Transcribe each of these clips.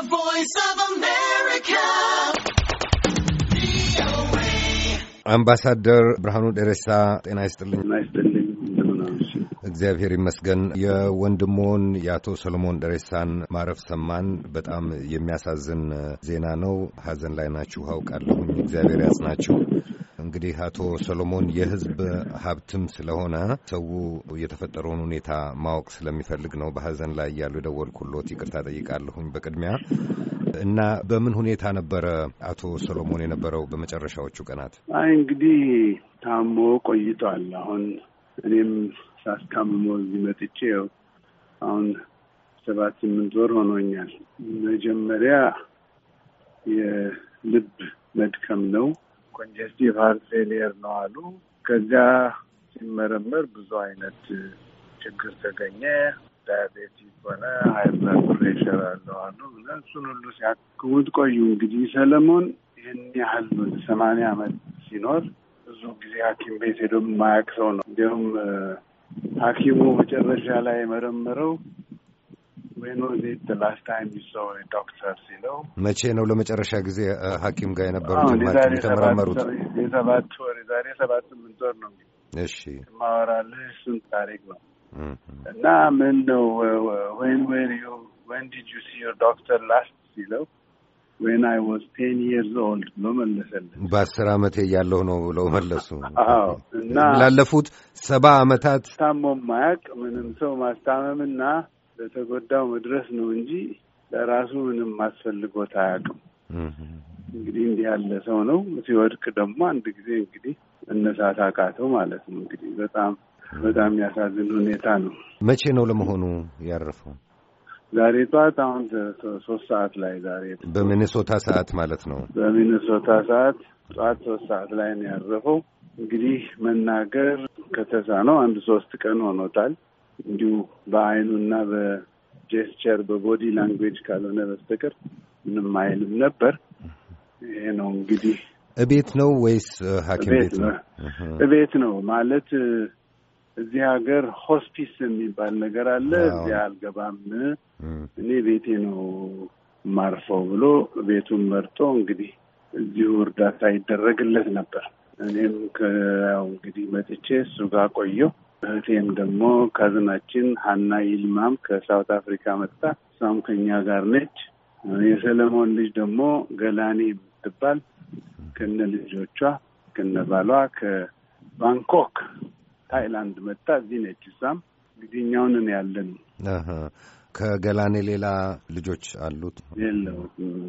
The Voice of America. አምባሳደር ብርሃኑ ደረሳ ጤና ይስጥልኝ። እግዚአብሔር ይመስገን። የወንድሞን የአቶ ሰሎሞን ደሬሳን ማረፍ ሰማን። በጣም የሚያሳዝን ዜና ነው። ሀዘን ላይ ናችሁ አውቃለሁኝ። እግዚአብሔር ያጽናችሁ። እንግዲህ አቶ ሰሎሞን የህዝብ ሀብትም ስለሆነ ሰው የተፈጠረውን ሁኔታ ማወቅ ስለሚፈልግ ነው በሀዘን ላይ እያሉ የደወልኩሎት። ይቅርታ ጠይቃለሁኝ በቅድሚያ እና በምን ሁኔታ ነበረ አቶ ሰሎሞን የነበረው በመጨረሻዎቹ ቀናት? አይ እንግዲህ ታሞ ቆይቷል። አሁን እኔም ሳስታምሞ እዚህ መጥቼ አሁን ሰባት ስምንት ወር ሆኖኛል። መጀመሪያ የልብ መድከም ነው ኮንጀስቲቭ ሀርት ፌሊየር ነው አሉ። ከዚያ ሲመረመር ብዙ አይነት ችግር ተገኘ። ዳያቤቲስ ሆነ፣ ሃይብላድ ፕሬሽር አለው አሉ። እሱን ሁሉ ሲያክሙት ቆዩ። እንግዲህ ሰለሞን ይህን ያህል ሰማንያ አመት ሲኖር ብዙ ጊዜ ሐኪም ቤት ሄዶ የማያውቅ ሰው ነው። እንዲሁም ሐኪሙ መጨረሻ ላይ የመረመረው ላስት መቼ ነው ለመጨረሻ ጊዜ uh, ሐኪም ጋር የነበሩት የተመራመሩት? የሰባት ወር የዛሬ ሰባት ስምንት ወር ነው። እሺ ማወራልህ እሱን ታሪክ ነው እና ምን ነው ዌር ዩ ዲድ ዩ ሲ ዮር ዶክተር ላስት ሲለው አይ ዋዝ ቴን ይርስ ኦልድ ብሎ በአስር ዓመቴ እያለሁ ነው ብለው መለሱ። አዎ እና ላለፉት ሰባ ዓመታት ታሞም ማያቅ ምንም ሰው ማስታመምና ለተጎዳው መድረስ ነው እንጂ ለራሱ ምንም አስፈልጎት አያውቅም። እንግዲህ እንዲህ ያለ ሰው ነው። ሲወድቅ ደግሞ አንድ ጊዜ እንግዲህ እነሳት አቃተው ማለት ነው። እንግዲህ በጣም በጣም የሚያሳዝን ሁኔታ ነው። መቼ ነው ለመሆኑ ያረፈው? ዛሬ ጠዋት አሁን ሶስት ሰዓት ላይ ዛሬ በሚኒሶታ ሰዓት ማለት ነው። በሚኒሶታ ሰዓት ጠዋት ሶስት ሰዓት ላይ ነው ያረፈው። እንግዲህ መናገር ከተሳነው አንድ ሶስት ቀን ሆኖታል። እንዲሁ በአይኑ እና በጀስቸር በቦዲ ላንጉዌጅ ካልሆነ በስተቀር ምንም አይልም ነበር። ይሄ ነው እንግዲህ። እቤት ነው ወይስ ሐኪም ቤት ነው? እቤት ነው ማለት እዚህ ሀገር ሆስፒስ የሚባል ነገር አለ። እዚያ አልገባም እኔ ቤቴ ነው ማርፈው ብሎ ቤቱን መርጦ እንግዲህ እዚሁ እርዳታ ይደረግለት ነበር። እኔም ያው እንግዲህ መጥቼ እሱ ጋር ቆየሁ። እህቴም ደግሞ ካዝናችን ሀና ይልማም ከሳውት አፍሪካ መጥታ እሷም ከኛ ጋር ነች። የሰለሞን ልጅ ደግሞ ገላኔ የምትባል ከነ ልጆቿ ከነ ባሏ ከባንኮክ ታይላንድ መጥታ እዚህ ነች። እሷም ጊዜኛውንን ያለን ከገላኔ ሌላ ልጆች አሉት? የለው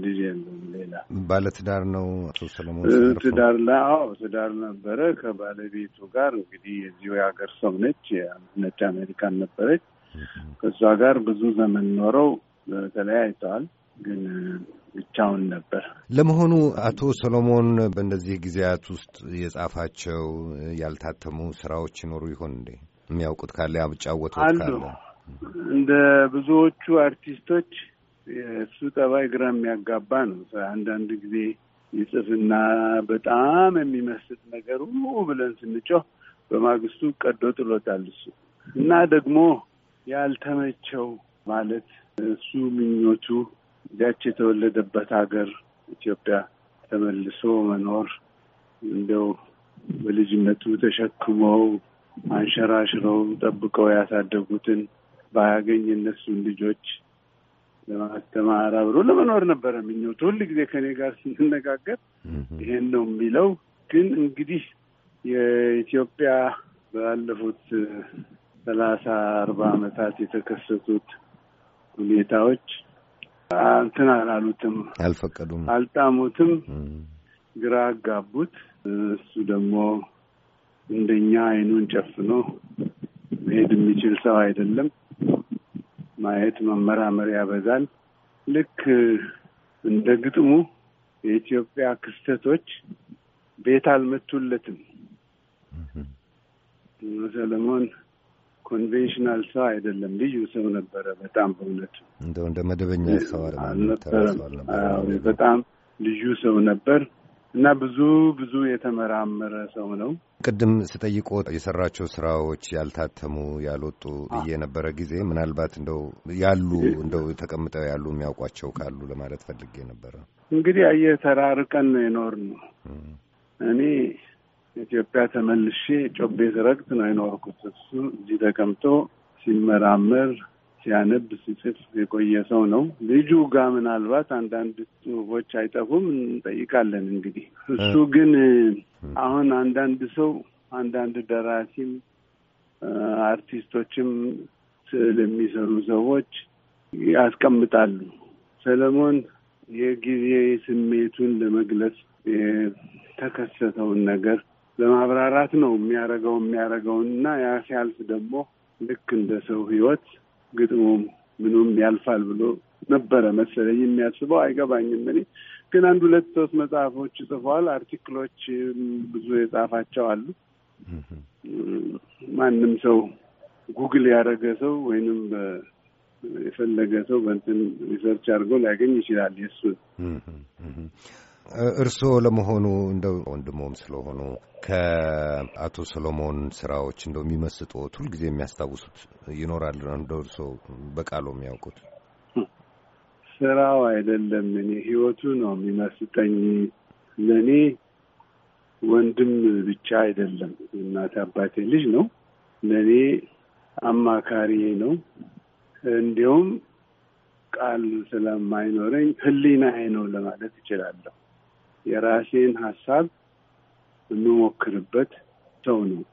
ልጅ የለውም። ሌላ ባለትዳር ነው አቶ ሰለሞን? ትዳር ላው ትዳር ነበረ ከባለቤቱ ጋር እንግዲህ የዚሁ የሀገር ሰው ነች፣ ነጭ አሜሪካን ነበረች። ከእሷ ጋር ብዙ ዘመን ኖረው ተለያይተዋል ግን ብቻውን ነበር። ለመሆኑ አቶ ሰሎሞን በእነዚህ ጊዜያት ውስጥ የጻፋቸው ያልታተሙ ስራዎች ይኖሩ ይሆን እንዴ? የሚያውቁት ካለ ያጫወቱት ካለ እንደ ብዙዎቹ አርቲስቶች የእሱ ጠባይ ግራ የሚያጋባ ነው። አንዳንድ ጊዜ ይጽፍና በጣም የሚመስጥ ሁሉ ብለን ስንጮህ በማግስቱ ቀዶ ጥሎታል። እሱ እና ደግሞ ያልተመቸው ማለት እሱ ምኞቱ እዚያች የተወለደበት ሀገር ኢትዮጵያ ተመልሶ መኖር እንደው በልጅነቱ ተሸክመው አንሸራሽረው ጠብቀው ያሳደጉትን ባያገኝ እነሱን ልጆች ለማስተማር አብሮ ለመኖር ነበረ ምኞቱ። ሁል ጊዜ ከእኔ ጋር ስንነጋገር ይሄን ነው የሚለው። ግን እንግዲህ የኢትዮጵያ ባለፉት ሰላሳ አርባ አመታት የተከሰቱት ሁኔታዎች እንትን አላሉትም፣ አልፈቀዱም፣ አልጣሙትም፣ ግራ አጋቡት። እሱ ደግሞ እንደኛ አይኑን ጨፍኖ መሄድ የሚችል ሰው አይደለም። ማየት መመራመር ያበዛል። ልክ እንደ ግጥሙ የኢትዮጵያ ክስተቶች ቤት አልመቱለትም። ሰለሞን ኮንቬንሽናል ሰው አይደለም፣ ልዩ ሰው ነበረ። በጣም በእውነቱ እንደ መደበኛ ሰው አልነበረም። በጣም ልዩ ሰው ነበር። እና ብዙ ብዙ የተመራመረ ሰው ነው። ቅድም ስጠይቆ የሰራቸው ስራዎች ያልታተሙ ያልወጡ የነበረ ጊዜ ምናልባት እንደው ያሉ እንደው ተቀምጠው ያሉ የሚያውቋቸው ካሉ ለማለት ፈልጌ ነበረ። እንግዲህ አየ ተራርቀን ነው የኖርነው። እኔ ኢትዮጵያ ተመልሼ ጮቤ ዝረግት ነው የኖርኩት። እሱ እዚህ ተቀምጦ ሲመራመር ሲያነብ ሲጽፍ የቆየ ሰው ነው። ልጁ ጋር ምናልባት አንዳንድ ጽሁፎች አይጠፉም፣ እንጠይቃለን እንግዲህ። እሱ ግን አሁን አንዳንድ ሰው አንዳንድ ደራሲም አርቲስቶችም ስዕል የሚሰሩ ሰዎች ያስቀምጣሉ። ሰለሞን የጊዜ ስሜቱን ለመግለጽ የተከሰተውን ነገር ለማብራራት ነው የሚያደርገው የሚያደርገውን እና ያ ሲያልፍ ደግሞ ልክ እንደ ሰው ህይወት። ግጥሙም ምኑም ያልፋል ብሎ ነበረ መሰለኝ የሚያስበው አይገባኝም። እኔ ግን አንድ ሁለት ሶስት መጽሐፎች ጽፈዋል። አርቲክሎች ብዙ የጻፋቸው አሉ። ማንም ሰው ጉግል ያደረገ ሰው ወይንም የፈለገ ሰው በእንትን ሪሰርች አድርጎ ሊያገኝ ይችላል የሱን እርስዎ ለመሆኑ እንደ ወንድሞም ስለሆኑ ከአቶ ሰሎሞን ስራዎች እንደ የሚመስጡት ሁልጊዜ የሚያስታውሱት ይኖራል? እንደ እርስዎ በቃሎ የሚያውቁት ስራው አይደለም እኔ ህይወቱ ነው የሚመስጠኝ። ለእኔ ወንድም ብቻ አይደለም፣ እናት አባቴ ልጅ ነው። ለእኔ አማካሪ ነው። እንዲሁም ቃል ስለማይኖረኝ ህሊናዬ ነው ለማለት እችላለሁ። የራሴን ሀሳብ የምሞክርበት ሰው ነው።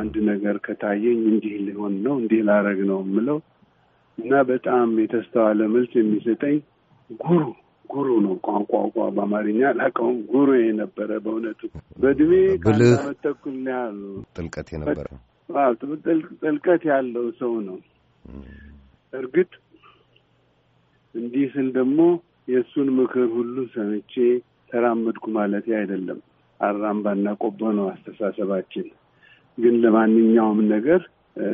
አንድ ነገር ከታየኝ እንዲህ ሊሆን ነው እንዲህ ላረግ ነው የምለው እና በጣም የተስተዋለ መልስ የሚሰጠኝ ጉሩ ጉሩ ነው። ቋንቋቋ በአማርኛ አላውቀውም። ጉሩ የነበረ በእውነቱ በእድሜ ከአንድ ዓመት ተኩል ያሉ ጥልቀት የነበረ ጥልቀት ያለው ሰው ነው። እርግጥ እንዲህ ስል ደግሞ የእሱን ምክር ሁሉ ሰምቼ ተራመድኩ ማለት አይደለም። አራምባና ቆቦ ነው አስተሳሰባችን። ግን ለማንኛውም ነገር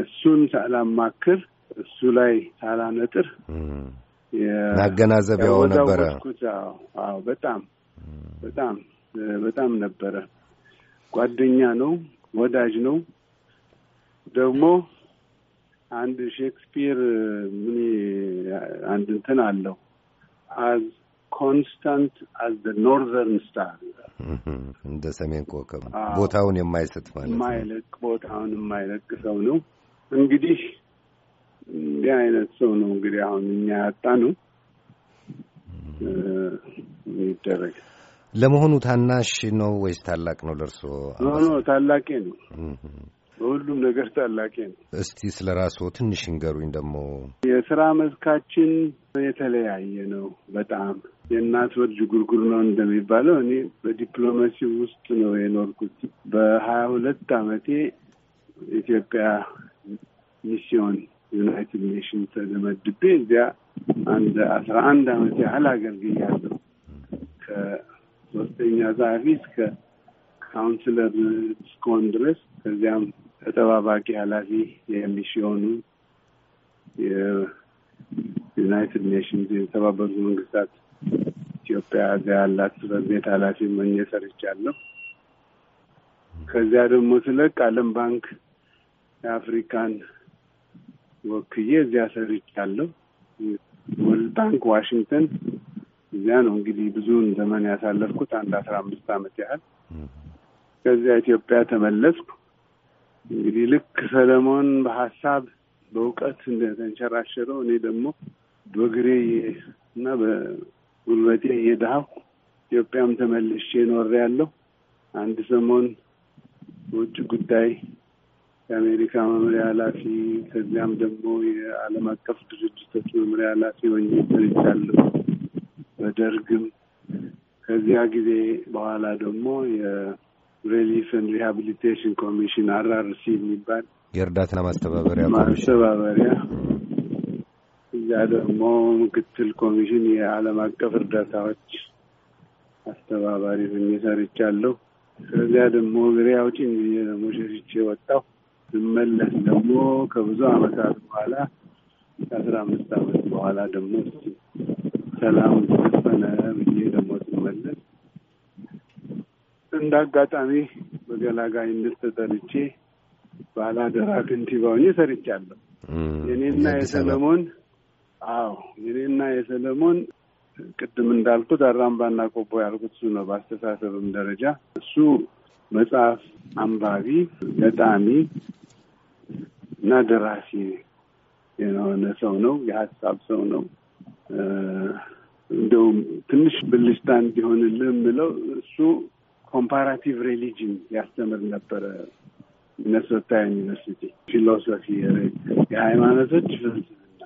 እሱን ሳላማክር እሱ ላይ ሳላነጥር ማገናዘቢያው ነበረ። አዎ በጣም በጣም በጣም ነበረ። ጓደኛ ነው፣ ወዳጅ ነው። ደግሞ አንድ ሼክስፒር ምን አንድ እንትን አለው አዝ ኮንስታንት አዝ ዘ ኖርዘርን ስታር እንደ ሰሜን ኮከብ ቦታውን የማይሰጥ ማለት ነው። የማይለቅ ቦታውን የማይለቅ ሰው ነው። እንግዲህ እንዲህ አይነት ሰው ነው እንግዲህ አሁን እኛ ያጣ ነው ይደረግ። ለመሆኑ ታናሽ ነው ወይስ ታላቅ ነው ለእርሶ? ኖ ታላቄ ነው። በሁሉም ነገር ታላቄ ነው። እስቲ ስለ ራስዎ ትንሽ እንገሩኝ። ደግሞ የስራ መስካችን የተለያየ ነው በጣም የእናት ወርጅ ጉርጉር ነው እንደሚባለው እኔ በዲፕሎማሲ ውስጥ ነው የኖርኩት። በሀያ ሁለት አመቴ ኢትዮጵያ ሚስዮን ዩናይትድ ኔሽን ተደመድቤ እዚያ አንድ አስራ አንድ አመት ያህል አገልግያለሁ። ከሶስተኛ ጸሐፊ እስከ ካውንስለር እስኮን ድረስ ከዚያም ተጠባባቂ ኃላፊ የሚስዮኑ የዩናይትድ ኔሽንስ የተባበሩት መንግስታት ኢትዮጵያ እዚያ ያላት ጽሕፈት ቤት ኃላፊ ሆኜ ሰርቻለሁ። ከዚያ ደግሞ ስለቅ ዓለም ባንክ የአፍሪካን ወክዬ እዚያ ሰርቻለሁ። ወርልድ ባንክ ዋሽንግተን እዚያ ነው እንግዲህ ብዙውን ዘመን ያሳለፍኩት አንድ አስራ አምስት ዓመት ያህል። ከዚያ ኢትዮጵያ ተመለስኩ። እንግዲህ ልክ ሰለሞን በሀሳብ በእውቀት እንደተንሸራሸረው እኔ ደግሞ በግሬ እና ጉልበቴ የድሀው ኢትዮጵያም ተመልሼ ኖር ያለው አንድ ሰሞን ውጭ ጉዳይ የአሜሪካ መምሪያ ኃላፊ ከዚያም ደግሞ የዓለም አቀፍ ድርጅቶች መምሪያ ኃላፊ ሆኜ ሰርቻለሁ። በደርግም ከዚያ ጊዜ በኋላ ደግሞ የሬሊፍ ን ሪሃቢሊቴሽን ኮሚሽን አራርሲ የሚባል የእርዳታ ማስተባበሪያ ማስተባበሪያ ከዛ ደግሞ ምክትል ኮሚሽን የዓለም አቀፍ እርዳታዎች አስተባባሪ ሆኜ ሰርቻለሁ። ከዚያ ደግሞ እግሬ አውጪኝ ብዬ ደግሞ ሸሽቼ ወጣሁ። ስመለስ ደግሞ ከብዙ ዓመታት በኋላ ከአስራ አምስት ዓመት በኋላ ደግሞ ሰላም ተፈነ ብዬ ደግሞ ስመለስ እንደ አጋጣሚ በገላጋይነት ተጠርቼ ባላደራ ከንቲባ ሆኜ ሰርቻለሁ። የእኔና የሰለሞን አዎ የኔና የሰለሞን ቅድም እንዳልኩት አራምባና ቆቦ ያልኩት እሱ ነው። በአስተሳሰብም ደረጃ እሱ መጽሐፍ አንባቢ፣ ገጣሚ እና ደራሲ የሆነ ሰው ነው። የሀሳብ ሰው ነው። እንደውም ትንሽ ብልሽታ እንዲሆንልህ የምለው እሱ ኮምፓራቲቭ ሬሊጅን ያስተምር ነበረ ሚነሶታ ዩኒቨርሲቲ ፊሎሶፊ፣ የሃይማኖቶች ፍልስፍና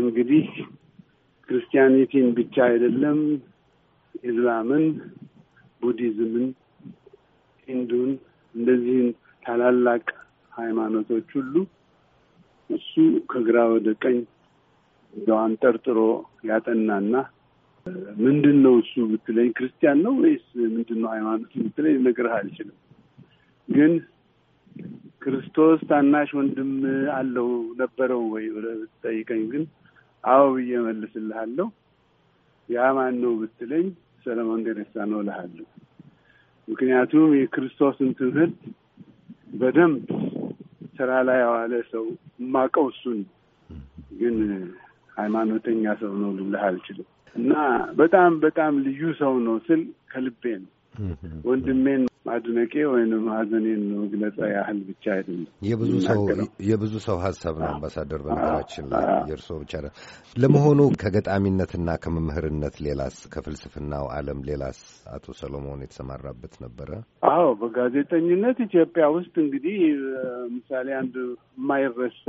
እንግዲህ ክርስቲያኒቲን ብቻ አይደለም ኢስላምን፣ ቡዲዝምን፣ ሂንዱን እንደዚህን ታላላቅ ሃይማኖቶች ሁሉ እሱ ከግራ ወደ ቀኝ እንደዋን ጠርጥሮ ያጠናና ምንድን ነው እሱ ብትለኝ ክርስቲያን ነው ወይስ ምንድን ነው ሃይማኖት ብትለኝ ልነግርህ አልችልም። ግን ክርስቶስ ታናሽ ወንድም አለው ነበረው ወይ ብለህ ብትጠይቀኝ ግን አዎ ብዬ መልስልሃለሁ። ያ ማን ነው ብትለኝ ሰለሞን ደረሳ ነው እልሃለሁ። ምክንያቱም የክርስቶስን ትምህርት በደንብ ስራ ላይ ያዋለ ሰው እማቀው እሱን ግን ሃይማኖተኛ ሰው ነው ልልህ አልችልም። እና በጣም በጣም ልዩ ሰው ነው ስል ከልቤ ነው ወንድሜን ማድነቄ ወይንም ሀዘኔን መግለጫ ያህል ብቻ አይደለም። የብዙ ሰው የብዙ ሰው ሀሳብ ነው አምባሳደር። በነገራችን ላይ የእርስዎ ብቻ ለመሆኑ ከገጣሚነትና ከመምህርነት ሌላስ ከፍልስፍናው ዓለም ሌላስ አቶ ሰሎሞን የተሰማራበት ነበረ? አዎ፣ በጋዜጠኝነት ኢትዮጵያ ውስጥ እንግዲህ ምሳሌ አንድ የማይረሳ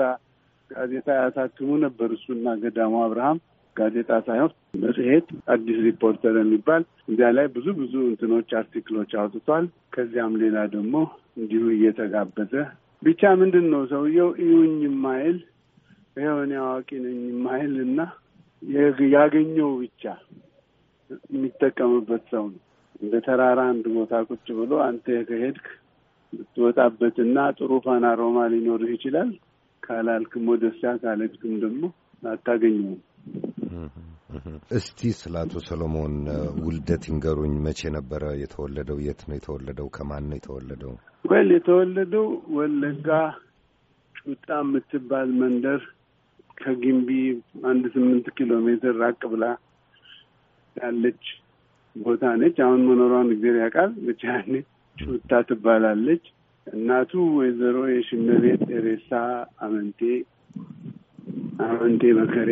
ጋዜጣ ያሳትሙ ነበር እሱና ገዳሙ አብርሃም ጋዜጣ ሳይሆን መጽሔት አዲስ ሪፖርተር የሚባል እዚያ ላይ ብዙ ብዙ እንትኖች አርቲክሎች አውጥቷል። ከዚያም ሌላ ደግሞ እንዲሁ እየተጋበዘ ብቻ ምንድን ነው ሰውየው እዩኝ ማይል የሆነ አዋቂ ነኝ ማይል እና ያገኘው ብቻ የሚጠቀምበት ሰው ነው። እንደ ተራራ አንድ ቦታ ቁጭ ብሎ አንተ ከሄድክ ብትወጣበትና ጥሩ ፋና ሮማ ሊኖርህ ይችላል። ካላልክም ወደዚያ ካለድክም ደግሞ አታገኘውም። እስቲ ስለ አቶ ሰሎሞን ውልደት ይንገሩኝ። መቼ ነበረ የተወለደው? የት ነው የተወለደው? ከማን ነው የተወለደው? ወል የተወለደው ወለጋ ጩጣ የምትባል መንደር ከግንቢ አንድ ስምንት ኪሎ ሜትር ራቅ ብላ ያለች ቦታ ነች። አሁን መኖሯን እግዜር ያውቃል። ብቻ ጩጣ ትባላለች። እናቱ ወይዘሮ የሽመቤት ሬሳ አመንቴ አመንቴ መከሬ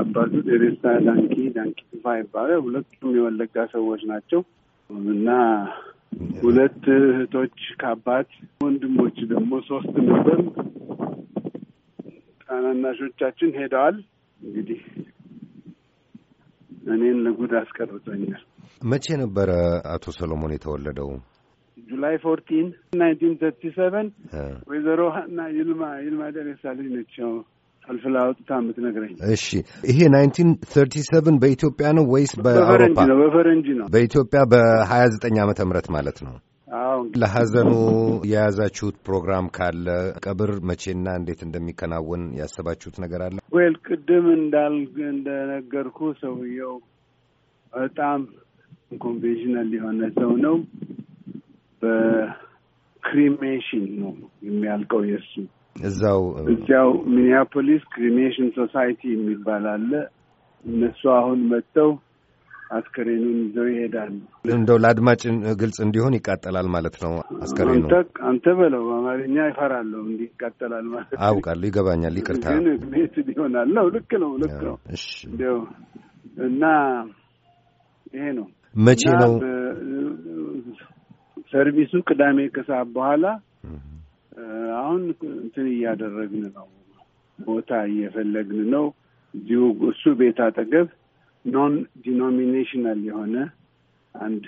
አባቱ ዴሬሳ ዳንኪ ዳንኪ ፋ ይባላል። ሁለቱም የወለጋ ሰዎች ናቸው እና ሁለት እህቶች ከአባት ወንድሞች ደግሞ ሶስት ነበር። ታናናሾቻችን ሄደዋል። እንግዲህ እኔን ለጉድ አስቀርጦኛል። መቼ ነበረ አቶ ሰሎሞን የተወለደው? ጁላይ ፎርቲን ናይንቲን ተርቲ ሰቨን ወይዘሮ ና ይልማ ይልማ ደሬሳ ልጅ ነች። አልፍላ አውጥታ የምትነግረኝ። እሺ ይሄ ናይንቲን ተርቲ ሰቨን በኢትዮጵያ ነው ወይስ በአውሮፓ? በፈረንጅ ነው። በኢትዮጵያ በሀያ ዘጠኝ ዓመተ ምህረት ማለት ነው። ለሀዘኑ የያዛችሁት ፕሮግራም ካለ ቀብር መቼና እንዴት እንደሚከናወን ያሰባችሁት ነገር አለ? ወይል ቅድም እንዳል እንደነገርኩ ሰውየው በጣም ኮንቬንሽናል የሆነ ሰው ነው። በክሪሜሽን ነው የሚያልቀው የእሱ እዛው እዚያው ሚኒያፖሊስ ክሪሜሽን ሶሳይቲ የሚባል አለ። እነሱ አሁን መጥተው አስከሬኑን ይዘው ይሄዳሉ። እንደው ለአድማጭ ግልጽ እንዲሆን ይቃጠላል ማለት ነው አስከሬኑ። አንተ በለው በአማርኛ ይፈራለሁ እንዲህ ይቃጠላል ማለት አውቃለሁ፣ ይገባኛል። ይቅርታ ግን ቤት ሊሆናል ነው። ልክ ነው፣ ልክ ነው። እንዲው እና ይሄ ነው። መቼ ነው ሰርቪሱ? ቅዳሜ ከሰዓት በኋላ አሁን እንትን እያደረግን ነው፣ ቦታ እየፈለግን ነው። እዚሁ እሱ ቤት አጠገብ ኖን ዲኖሚኔሽናል የሆነ አንድ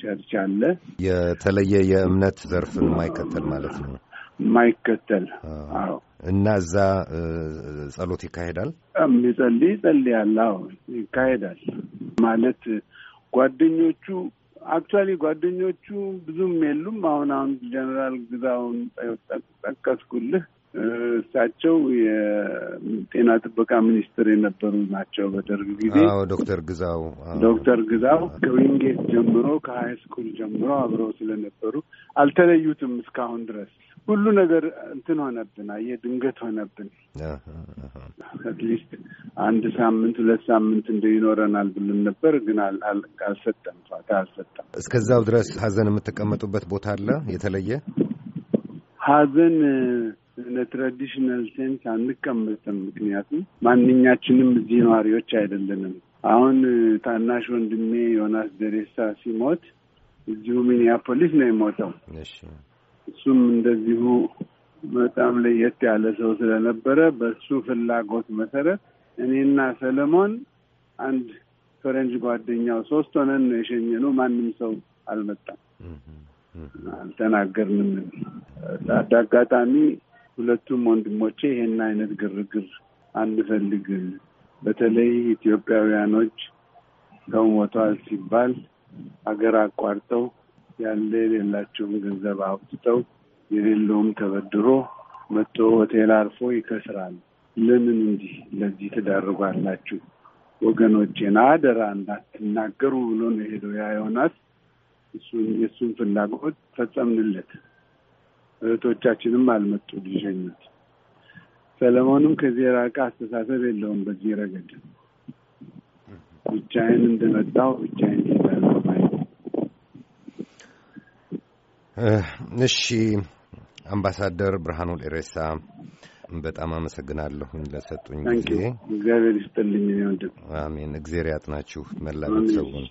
ቸርች አለ። የተለየ የእምነት ዘርፍን የማይከተል ማለት ነው። የማይከተል አዎ። እና እዛ ጸሎት ይካሄዳል። የሚጸልይ ይጸልያል። አዎ ይካሄዳል ማለት ጓደኞቹ አክቹዋሊ ጓደኞቹ ብዙም የሉም። አሁን አሁን ጀነራል ግዛውን ጠቀስኩልህ እሳቸው የጤና ጥበቃ ሚኒስትር የነበሩ ናቸው በደርግ ጊዜ። ዶክተር ግዛው ዶክተር ግዛው ከዊንጌት ጀምሮ ከሀይ ስኩል ጀምሮ አብረው ስለነበሩ አልተለዩትም እስካሁን ድረስ። ሁሉ ነገር እንትን ሆነብን፣ አየ ድንገት ሆነብን። አትሊስት አንድ ሳምንት ሁለት ሳምንት እንደ ይኖረናል ብልን ነበር፣ ግን አልሰጠም፣ ፋታ አልሰጠም። እስከዛው ድረስ ሀዘን የምትቀመጡበት ቦታ አለ የተለየ ሀዘን ለትራዲሽናል ሴንስ አንቀመጥም። ምክንያቱም ማንኛችንም እዚህ ነዋሪዎች አይደለንም። አሁን ታናሽ ወንድሜ ዮናስ ደሬሳ ሲሞት እዚሁ ሚኒያፖሊስ ነው የሞተው። እሱም እንደዚሁ በጣም ለየት ያለ ሰው ስለነበረ በሱ ፍላጎት መሰረት እኔና ሰለሞን አንድ ፈረንጅ ጓደኛው ሶስት ሆነን ነው የሸኘነው። ማንም ሰው አልመጣም፣ አልተናገርንም። አጋጣሚ ሁለቱም ወንድሞቼ ይሄን አይነት ግርግር አንፈልግም። በተለይ ኢትዮጵያውያኖች ሰው ሞቷል ሲባል ሀገር አቋርጠው ያለ የሌላቸውን ገንዘብ አውጥተው የሌለውም ተበድሮ መቶ ሆቴል አርፎ ይከስራል። ለምን እንዲህ ለዚህ ትዳርጓላችሁ? ወገኖቼን አደራ እንዳትናገሩ ብሎ ነው ሄደው ያ ዮናስ እሱን የእሱን ፍላጎት ፈጸምንለት። እህቶቻችንም አልመጡ ሊሸኙት። ሰለሞንም ከዚህ የራቀ አስተሳሰብ የለውም። በዚህ ረገድ ብቻዬን እንደመጣው ብቻዬን ሄዳለሁ። እሺ አምባሳደር ብርሃኑ ሌሬሳ በጣም አመሰግናለሁኝ ለሰጡኝ ጊዜ። እግዚአብሔር ይስጥልኝ። ወንድም አሜን። እግዚአብሔር ያጥናችሁ መላ ቤተሰቡን።